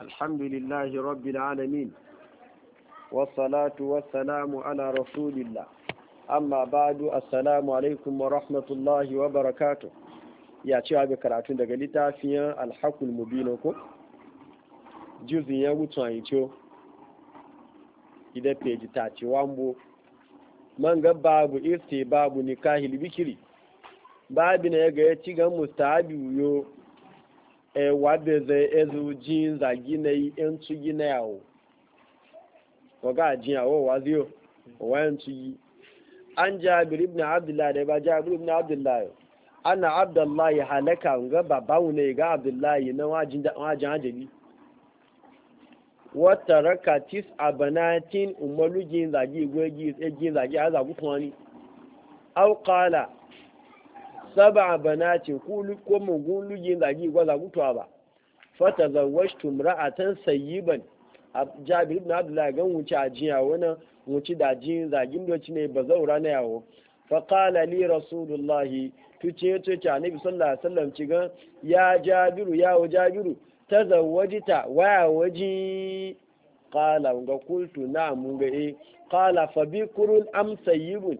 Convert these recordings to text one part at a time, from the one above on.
الحمد لله رب العالمين والصلاة والسلام على رسول الله أما بعد السلام عليكم ورحمة الله وبركاته يا شعب كراتون دقل في الحق المبين جزء يوتوان يتو إذا بيجي تاتي وامبو من babu ifti babu nikahil bikiri babu na ya ga ya ci gan mustahabi yo ewa beze ezu jin za gine entu gine yawo waga jin yawo waziyo wa entu yi an jabir ibn abdullah da ba jabir ibn abdullah ana abdullah halaka ga babawu na iga abdullah na wajin da wajin ajali wata raka tis abanatin umalu jin zagi gwegi e, jin zagi a zagu tuwani au qala saba bana ce ko mugun lugin zagi gwaza gutuwa ba fata zawashtu ra'atan sayyiban jabir ibn abdullahi gan wuce a jiya wani wuce da jin zagin doci ne ba zaura na yawo faƙala li rasulullahi tuce ya tuce annabi sallallahu alaihi wasallam ci gan ya jabiru ya wa jabiru ta zawajita waya waji ƙala ga kultu na mun ga e eh. ƙala fa bi kurun am sayyibun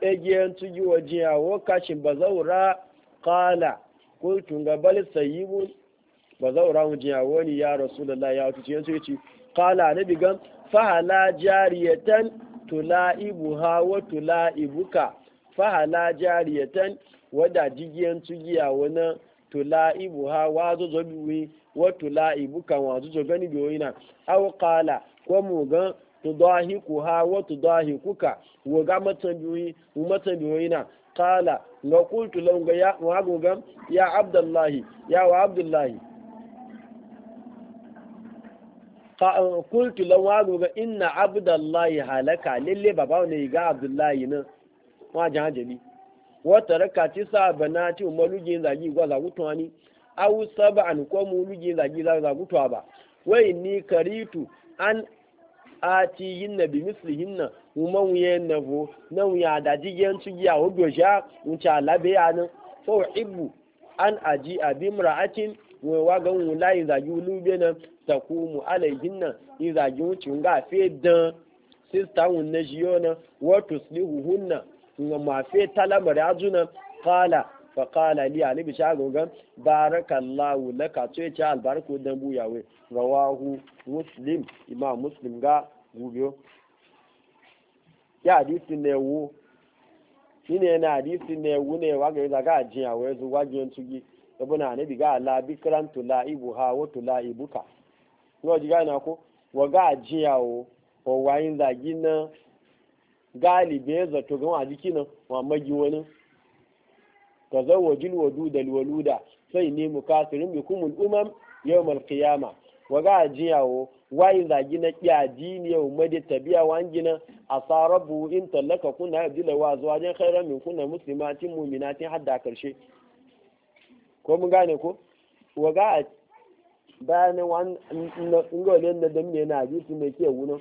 egiyan tuji wajen awo kashin ba zaura kala kultun gabal bal bazaura ba zaura wajen awo ni ya rasulullah ya wato ciyan sai ce kala na bigan fahala jariyatan ha wa tula'ibuka fahala jariyatan wada jigiyan tuji awo na ha wa zo zo biwi wa tula'ibuka wa zo zo gani na aw kala ko mu gan ku ha wa tudahikuka wa ga matabiyoyi mu matabiyoyi na qala ga qultu lahu ga ya wa ga ya abdullahi ya wa abdullahi qultu eh, lahu wa ga inna abdullahi halaka lalle baba ne ga abdullahi nan wa jajali wa taraka tisa banati umalujin zagi gwa zagutwani aw sab'an ko mulujin zagi zagutuwa ba wai ni karitu an ati na bi misli na kuma wuye na bo na wuya da jigen su giya ho doja unta labe yana fa ibu an aji abi mra'atin wa wa ga mu lai za ju be na takumu alaihinna in za ju cunga fe dan sista wun na jiyo na wa tuslihu hunna nga ma fe talamar ajuna qala fa qala li ali bi shagoga barakallahu laka ce ce albarku dan buyawe rawahu muslim imam muslim ga gubiyo ya hadisi na ewu shi ne na hadisi na ewu ne wa gari daga zu wa yanzu wajen tugi yabo na anabi ga ala kiran tula ibu ha wa tula ibuka yau ji na ko wa ga ajiya o wa da zagi na galibe zato ga wa jiki nan wa magi wani ka duda wa luda sai ne bi kumul umam yawmal qiyama wa ga ajiya wo wayi zagi na kiyaji ne yau mai tabiya a asarabu in tallaka kuna dila wa azwajin khairan min kunna muslimatin mu'minatin hadda karshe ko mun gane ko waga bayan wani ngole na da mine na hadisi mai ke wuna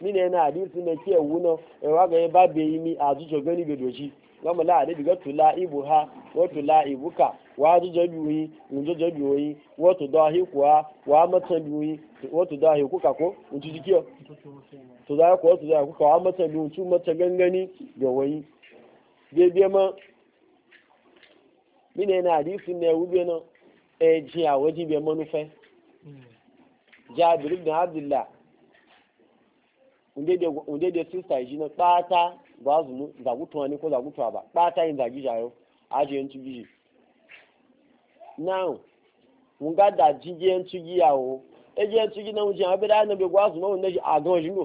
mine na hadisi mai ke wuna ewa ga ba be yi mi a zuciya gani be doji gama la hadibi ga tula ibu ha wato la'ibuka wa zuzo biyoyi unzozo biyoyi wato hi kuwa wa matan biyoyi wato hi kuka ko unci jikiyo to da kuwa to da kuka wa matan biyoyi unci matan gangani ga wayi daidai ma mine na hadisi ne wube na eji a waje bai manufai jabir ibn abdullah unde da sista ji na kpata ba zunu zagutuwa ne ko zagutuwa ba kpata yin zagi jayo aje ntugi now nga da jije ntugi yawo eje ntugi na unje abira na be gwazu e e no e ne agan jindo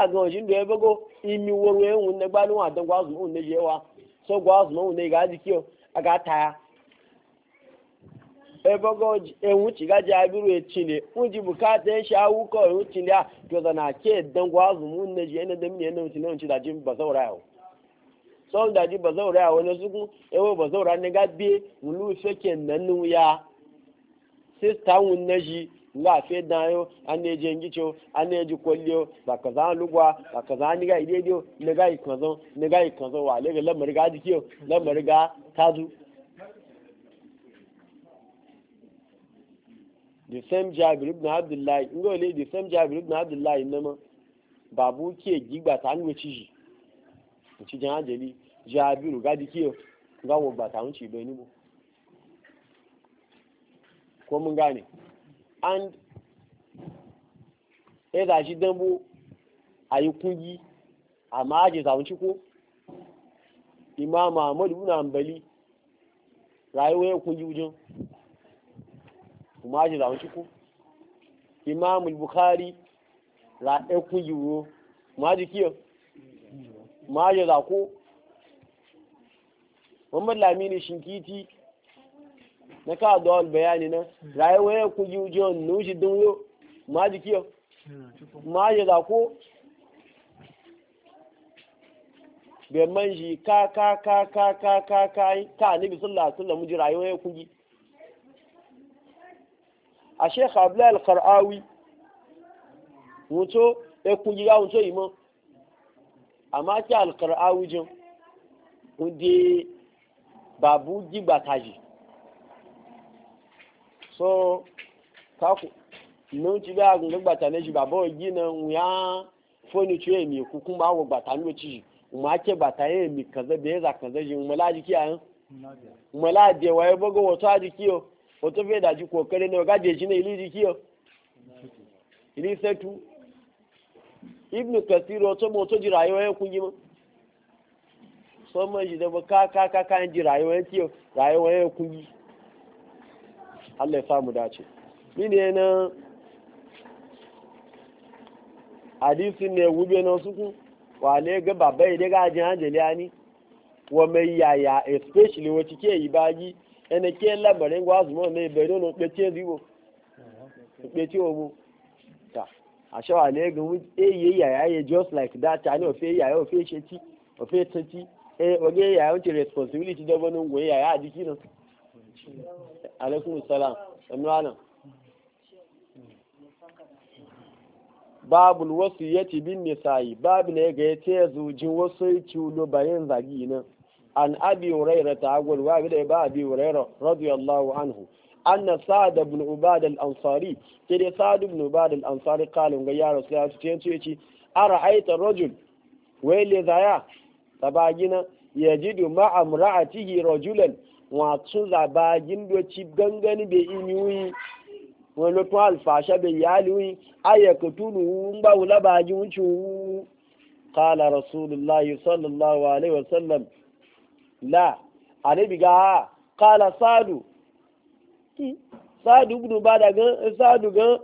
agan jindo ebego imi woro ehun ne gba nu adan gwazu no ne yewa so gwazu no ne ga ji aga ta ti ga ja biru etile unji bukata en sha wu ko ti na ke dan gwazu mu ne je ne de mi ne no ti ti da jin ba solda ji ba zaura ya wani suku ewo ba zaura ni ga biye wulu sake nanu ya sista wun na ji nga fe dayo an ne je ngicho an ne ji kolliyo ba ka za lugwa ba ka za ni ga ide dio ne ga ikanzo ne ga ikanzo wa le ga lamar ga dikiyo lamar ga tazu the same jabir ibn abdullahi ngo le the same jabir ibn abdullahi nama babu ke gigba ta an wuci shi wuci jan ajali jabiru gadi kiyo ga wo bata wuce bai nimo ko mun gane and sai da shi dambo a yi kungi amma aje zawunci ko imam ahmad ibn hanbali rayuwar ya kungi wujin kuma aje zawunci ko imam bukhari rayuwar kungi wuro ma ji kiyo ma aje zako Muhammad Lamini Shinkiti na ka da wal bayani na rayuwa ya ku ji ujo nushi dun yo ma ji kiyo ma ya da ko be man ji ka ka ka ka ka ka ka ka ni bi sallallahu alaihi wasallam ji rayuwa ya ku ji a Sheikh Abdullah Al-Qarawi wuto e ku ji ya wuto imo amma ki Al-Qarawi jin ku babu jigba taji so kaku nun ti bá agun gbàtà lẹ́jù bàbá òjì náà ń yá fóònù tí èmi kúkún bá wọ gbàtà ní òtí yìí wọn á kẹ gbàtà èmi kànzẹ́ bẹ́ẹ̀ zà kànzẹ́ yìí wọn láàjì kí àyàn wọn wa wáyé bọ́gọ́ wo to àjì kí o wọ́n tó fẹ́ dájú kó kéré náà gáàjì èjì náà ìlú ìdí kí o ìlú ìsẹ́tú ibnu kẹsìrì to eh, mo to jìrà ayé wáyé kun yìí mọ́. musamman shi da ka ka ka ka ji rayuwar kiyo rayuwar ya kuyi Allah samu dace na hadisin ne wube na suku wale ga babai da ga jin hanjali ani wa mai yaya especially wacce ke yi baji ene ke labarin ne bai don pe zibo pe ce obo ta asha wale ga mu eyi eh, yaya just like that ani o ofe yaya ofe sheti ofe eh wage ya wuce responsibility da wani goyi ya ya jiki nan babul wasu ya ci bin nisa'i babu ne ga ya ce zujin wasu culo bayan zagi nan an abi huraira ta agwal wa bi da ba abi huraira radiyallahu anhu anna sa'ad ibn ubad al-ansari ke da sa'ad ibn ubad al-ansari kalin ga ya rasu ya ce ce ara aita rajul wai le zaya sabagina ya ji duma a mura'atihi rajulan wato zabagin doci gangani da inuyi wani lokacin alfasha bai yaliwi ayyaka tunu wun ba wula ji wuce kala rasulullahi sallallahu alaihi wasallam la anabi ga kala sadu sadu ibn bada gan sadu gan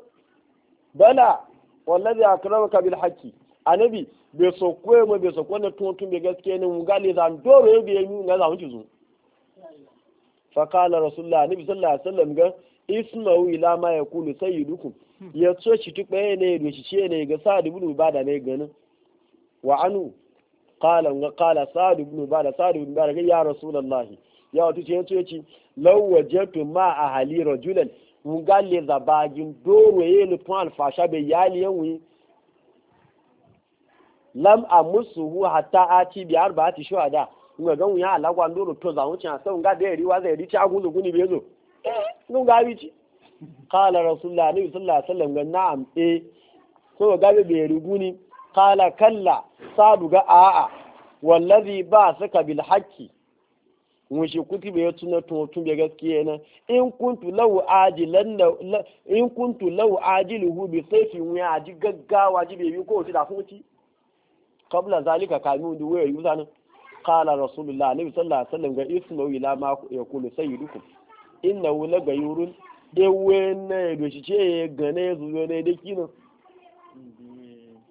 bala wallazi akramaka bil haqqi anabi bai so koyo bai bai so kwana tun bai gaskiya ne mun gale zan doro yau bai yi na zamu ci zu fa qala rasulullah anabi sallallahu alaihi wasallam ga isma'u ila ma yaqulu sayyidukum hmm. ya so shi tukpe ne da shi ce ne ga sa'd ibn ubada ne ganin wa anu qala wa qala sa'd ibn ubada sa'd ibn ubada ya rasulullah ya wato ce yace yace law wajatu ma ahli rajulan mun gale zabagin doro yau ne alfasha bai yali yan lam amusuhu hatta ati bi arba'ati shuhada nga gan ya kwa ndoro to za wuce sai nga da yari wa zai rici agun zuguni bezo nun ga bici qala rasulullah nabi sallallahu alaihi wasallam ga na'am e so ga be be ruguni qala kalla sadu ga a'a wallazi ba saka bil haqqi mun shi kuti be tuna to tun be gaskiya na in kuntu law ajilan in kuntu law ajiluhu bi sayfi wa aji gaggawa ji be bi ko ti da fuci kabla zalika kamin da wayar yuza nan qala rasulullah alaihi sallallahu alaihi wasallam ga ismu ila ma yaqulu sayyidukum innahu la gayurun ewe na do shi ce gane zuwa ne da kino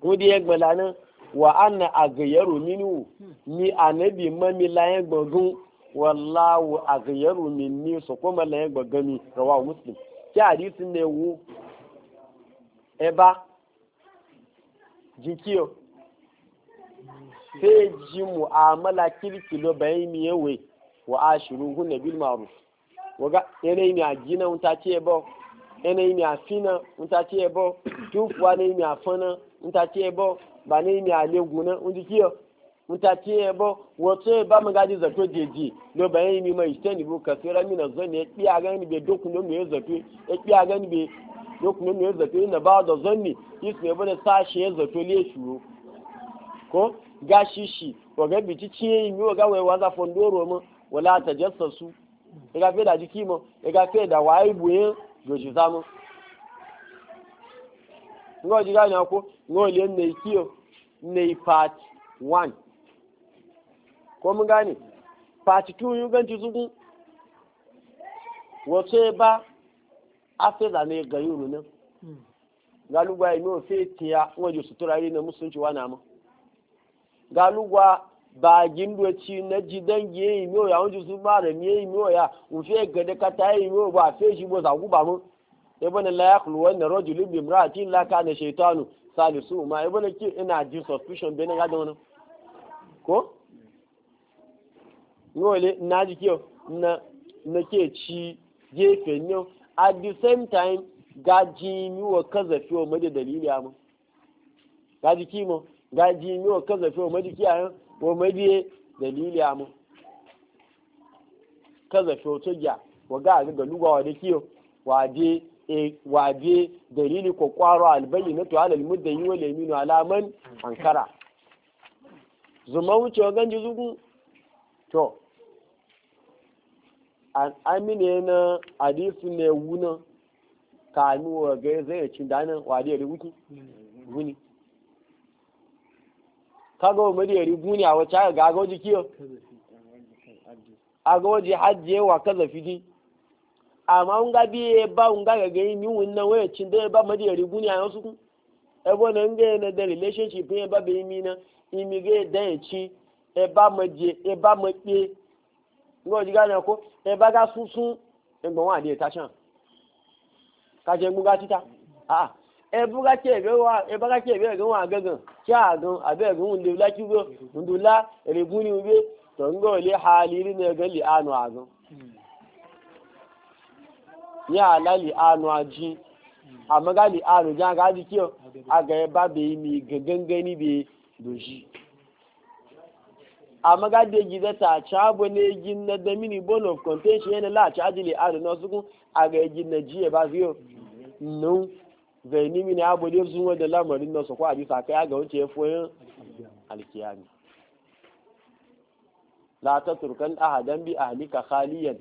ko da yagbala nan wa anna aghyaru minhu ni anabi mami layan gbogun wallahu aghyaru minni so kuma layan gbogami rawahu muslim ki hadisi ne wu eba jikiyo sai ji mu'amala kirkilo bayan mi yawe wa ashiru hunna bil ma'ruf waga yanayi mi ajina un ta ce bo yanayi mi afina un ta ce bo tufuwa ne mi afana un ta ce bo ba ne mi a leguna ndị kiyo un ce bo wato ba mu gaji zato jeji lo bayan mi mai stand bu ka sira mi na kiya be zato kiya ga be zato ina ba da isme bane zato le gashishi waga bici ciye yi mi waga wai waza fondoro mu wala ta jassa su ga fe da jiki mu ga fe da buye zamu ngo ji ga ko ngo le ne kiyo ne part 1 ko mun part 2 yu ganti zugu ba ne ga yuru ne hmm. fe tiya ngo ji musunci wa na mu galuwa bagin doci na ji dangi yayi miyo ya wunji su ba da miyayi miyo ya wufe gada ka ta yi miyo ba fe shi bo za guba mu ibn la yakhlu wa na rajul bi imra'atin la kana shaytanu salisu ma ibn ki ina ji suspicion bin ga don ko nole na ji kiyo na na ke ci gefe ne at the same time ga ji miyo kazafi wa madalili amma ga ji kimo gaji ne wa kazafi wa madiki a wa madiye dalili amu kazafi wa tugya wa ga ga luga wa da kiyo waje e waje dalili ko kwaro albayi na tuwala almuddayi wa laminu alaman ankara zuma wuce wa ganji zugu to an amine na hadisi ne wuna kanuwa ga zai cin danin wa da rubuki wuni kaga wa mari yari guni a wacce aka gaga kiyo a ga waje wa kaza fidi amma un ga biye ba un ga gaga yi miwun nan waya cin da ba mari yari guni a yansu kun ebo na nga yana da relationship ya ba bai mi na imi ga da ya ci e ba maje e ba mape ngo ji ga ko e ba ga sunsun e gbon wa de ta chan ka je mu ga tita ah ebuga chebe wa ebaga chebe ga wa gagan cha gan abe gan unde la ki go undula rebuni ube to ngo le halili ne ga li anu agan ya la li anu aji amaga li anu ja ga di kiyo aga e ba be mi gagan gani be doji amaga de gida ta cha bo ne gin na da mini bone of contention ne la cha di li anu no sukun aga e gin na ji e ba fiyo no zaini mini abu ne zuwa da lamarin nasu ko a bisa kai ga wuce ya foyin alkiyami la ta turkan ahadan bi ahlika khaliyan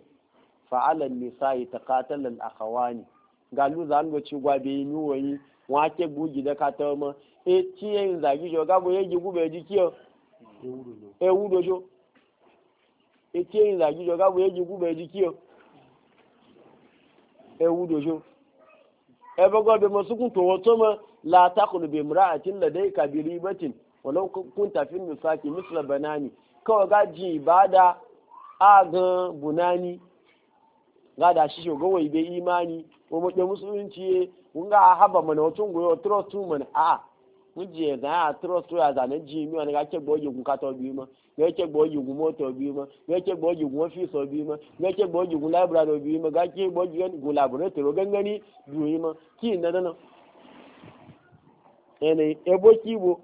fa'ala nisa'i taqatala al-akhawani galu zan go ci gwa yi woyi wa ke gugi da kata ma e ti yin zagi jo ga bo gugu gube ji kiyo e wudo jo e ti yin zagi jo ga bo gugu gube ji kiyo e wudo jo ebogo be masukun to wato ma la taqulu bi imra'atin ladayka bi ribatin walau kunta fi misaki misla banani kawai gaji da agan bunani ga da shi shoga wai bai imani ko mu musulunci kun ga haba mana wato goyo trust mana a'a wuje ga a trust ya zane ji mi wani ga kegbo yugun ka to bi mo ga kegbo yugun moto bi mo ga kegbo yugun office bi mo ga kegbo yugun library bi mo ga kegbo yugun go laboratory gangani bi mo ki na na no ene ebo ki bo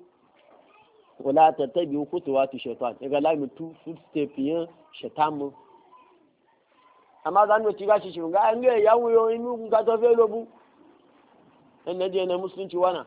wala ta tabi kutuwa tu shaitan ga la mi tu foot step yin shaitan mo amma zan mu ci ga shi shi ga an ga yawo yo inu kun ka to fe lobu ene je na musulunci wana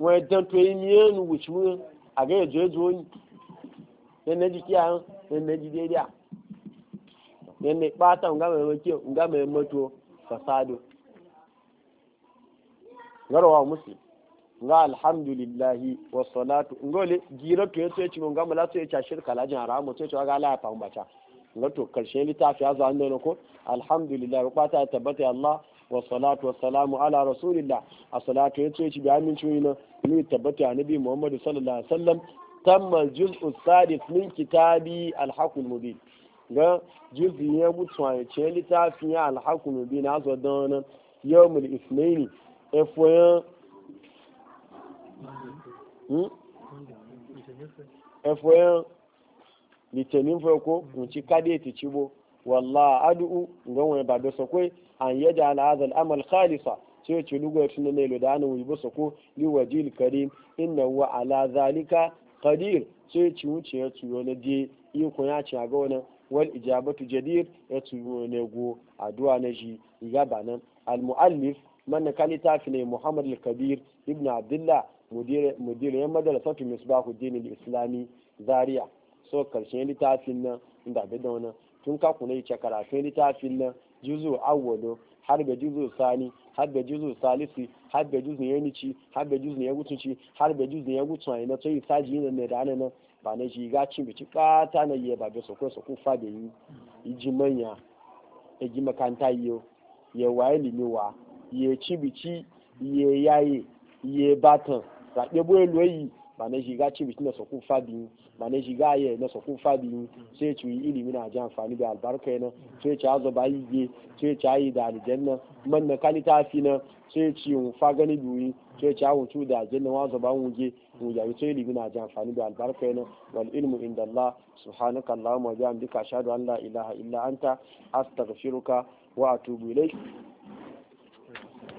wọ́n ẹ̀dán tó yín mìíràn wò sí wọn àgẹ́ ìjọ ìjọ òní ẹnẹ́jì kí àwọn ẹnẹ́jì déédé à ẹnẹ́ pátá ǹgámẹ̀ ẹ̀mọ́ kí ǹgámẹ̀ ẹ̀mọ́ tó fasado musu nga alhamdulillahi wa salatu ngole gira to yace ci mun gamala to yace shirka lajin haramu to yace ga la ta umbata ngato karshen ko alhamdulillah ta tabbata Allah wasalatu wasalamu ala rasulillah a salatu ya ce shi bi aminci wani ne tabbata nabi muhammadu sallallahu alaihi wasallam tamma juz'u sadis min kitabi alhaqul mubin ga juz'i ya mutuwa ya ce littafin ya alhaqul mubin na zo don yawmul isnaini efoyan efoyan hmm? litinin ko mun ci kadeti ci cibo wallah adu'u ngan wani ba da sakwai an yada ala amal khalisa sai ce lugo ya tunne ne da an wuyi ba sako li wajil karim inna wa ala zalika qadir sai ci wuce ya tuyo na je iko ya ci ga wannan wal ijabatu jadir ya tuyo ne go addu'a na shi iga banan al-muallif man kan litafi ne muhammad al-kabir ibn abdullah mudir mudir ya madrasatu misbahuddin al-islami zaria so karshen littafin nan inda da wannan tun ka kuna yi karatun littafin nan juzu awwalo har ga juzu sani har ga juzu salisi har ga juzu ya nici har ga juzu ya gutunci har ga juzu ya gutun ayi na tsayi saji ne ne da nan ba na shi ga cin bici kata na yi ba ga sokon sokon fa da yi iji manya e ji makanta yo ye waye limiwa ye cin bici ye yaye ye batan rabe boye yi. ga shiga bitin na sokun fadi mane ga ye na sokun fadi sai ci yi ilimi na ji amfani da albarka yana sai ci azo bayi ge sai ci ayi da aljanna man na kalita fi na sai ci fa gani duyi sai ci awon tu da aljanna wa zo mu ge mu yi sai ilimi na ji amfani da albarka yana wal ilmu inda Allah subhanaka Allahumma wa bihamdika ashhadu an la ilaha illa anta astaghfiruka wa atubu ilaik